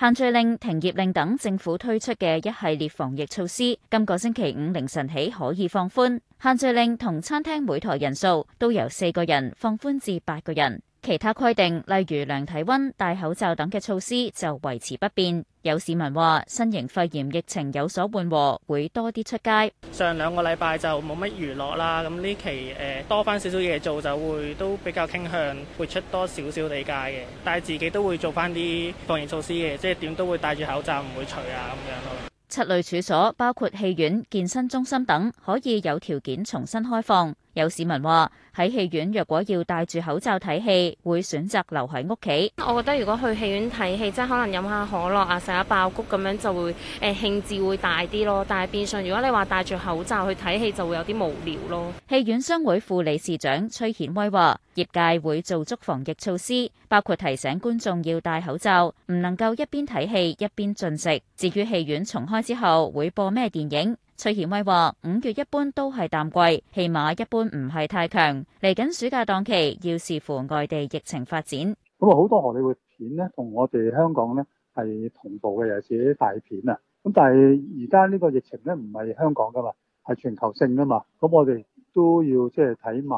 限聚令、停業令等政府推出嘅一系列防疫措施，今個星期五凌晨起可以放寬。限聚令同餐廳每台人數都由四個人放寬至八個人。其他規定，例如量體温、戴口罩等嘅措施就維持不變。有市民話：新型肺炎疫情有所緩和，會多啲出街。上兩個禮拜就冇乜娛樂啦，咁呢期誒、呃、多翻少少嘢做，就會都比較傾向會出多少少地界嘅。但係自己都會做翻啲防疫措施嘅，即係點都會戴住口罩、啊，唔會除啊咁樣咯。七類處所包括戲院、健身中心等，可以有條件重新開放。有市民話喺戲院若果要戴住口罩睇戲，會選擇留喺屋企。我覺得如果去戲院睇戲，即係可能飲下可樂啊，食下爆谷咁樣就會誒、呃、興致會大啲咯。但係變相如果你話戴住口罩去睇戲，就會有啲無聊咯。戲院商會副理事長崔顯威話，業界會做足防疫措施，包括提醒觀眾要戴口罩，唔能夠一邊睇戲一邊進食。至於戲院重開之後會播咩電影？崔賢威話：五月一般都係淡季，起碼一般唔係太強。嚟緊暑假檔期，要視乎外地疫情發展。咁啊，好多荷里活片咧，同我哋香港咧係同步嘅，尤其是啲大片啊。咁但係而家呢個疫情咧唔係香港噶嘛，係全球性噶嘛。咁我哋都要即係睇埋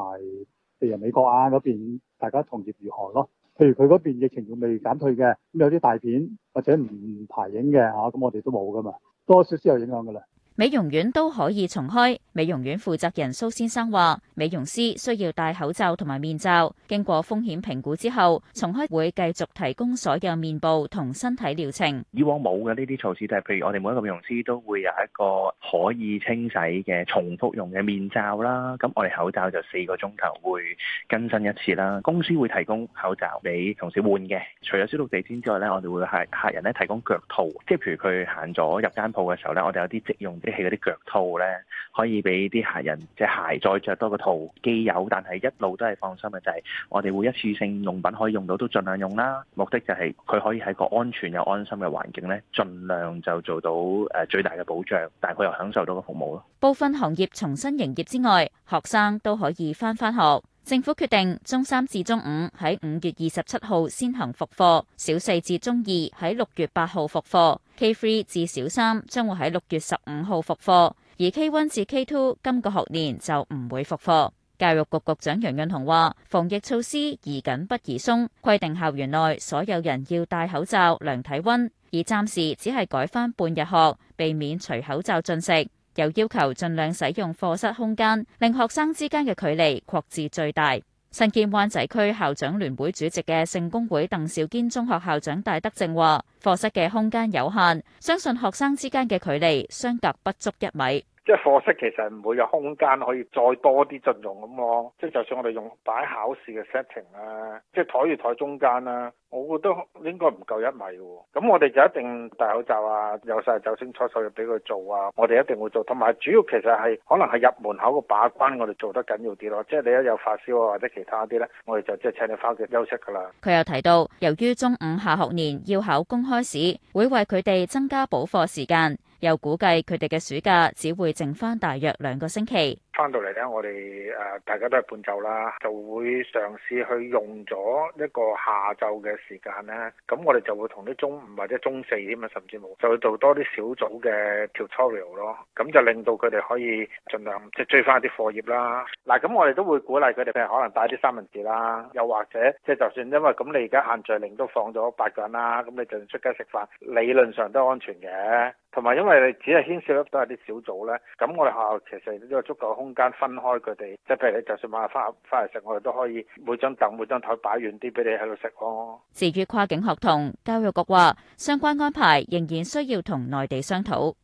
譬如美國啊嗰邊大家同業如何咯。譬如佢嗰邊疫情仲未減退嘅，咁有啲大片或者唔排影嘅吓，咁、啊、我哋都冇噶嘛，多少少有影響噶啦。美容院都可以重開。美容院負責人蘇先生話，美容師需要戴口罩同埋面罩，經過風險評估之後，重開會繼續提供所有面部同身體療程。以往冇嘅呢啲措施，就係譬如我哋每一個美容師都會有一個可以清洗嘅重複用嘅面罩啦。咁我哋口罩就四個鐘頭會更新一次啦。公司會提供口罩俾同事換嘅。除咗消毒地氈之外咧，我哋會係客人咧提供腳套，即係譬如佢行咗入間鋪嘅時候咧，我哋有啲即用。啲器嗰啲腳套咧，可以俾啲客人，即係鞋再着多個套，既有，但係一路都係放心嘅就係，我哋會一次性用品可以用到都盡量用啦。目的就係佢可以喺個安全又安心嘅環境咧，盡量就做到誒最大嘅保障，但係佢又享受到個服務咯。部分行業重新營業之外，學生都可以返返學。政府決定中三至中五喺五月二十七號先行復課，小四至中二喺六月八號復課，K3 至小三將會喺六月十五號復課，而 K1 至 K2 今個學年就唔會復課。教育局局長楊潤雄話：防疫措施宜緊不宜鬆，規定校園內所有人要戴口罩、量體溫，而暫時只係改返半日學，避免除口罩進食。有要求盡量使用課室空間，令學生之間嘅距離擴至最大。新建灣仔區校長聯會主席嘅聖公會鄧兆堅中學校長戴德正話，課室嘅空間有限，相信學生之間嘅距離相隔不足一米。即係課室其實唔會有空間可以再多啲陣容，咁咯，即係就算我哋用擺考試嘅 setting 啦，即係台與台中間啦，我覺得應該唔夠一米嘅。咁我哋就一定戴口罩啊，有晒酒精搓手液俾佢做啊，我哋一定會做。同埋主要其實係可能係入門口個把關，我哋做得緊要啲咯。即係你一有發燒啊或者其他啲咧，我哋就即係請你翻屋企休息噶啦。佢又提到，由於中五下學年要考公開試，會為佢哋增加補課時間。又估計，佢哋嘅暑假只會剩返大約兩個星期。翻到嚟咧，我哋誒、呃、大家都係半晝啦，就會嘗試去用咗一個下晝嘅時間咧。咁我哋就會同啲中五或者中四添啊，甚至冇，就會做多啲小組嘅 tutorial 咯。咁就令到佢哋可以儘量即係追翻啲課業啦。嗱，咁我哋都會鼓勵佢哋，譬如可能帶啲三文治啦，又或者即係就算因為咁，你而家限聚令都放咗八個人啦，咁你就算出街食飯，理論上都安全嘅。同埋因為你只係牽涉一啲都係啲小組咧，咁我哋學校其實都有足夠空間分開佢哋，即係譬如你就算買下飯翻嚟食，我哋都可以每張凳、每張枱擺遠啲俾你喺度食咯。至於跨境學童，教育局話相關安排仍然需要同內地商討。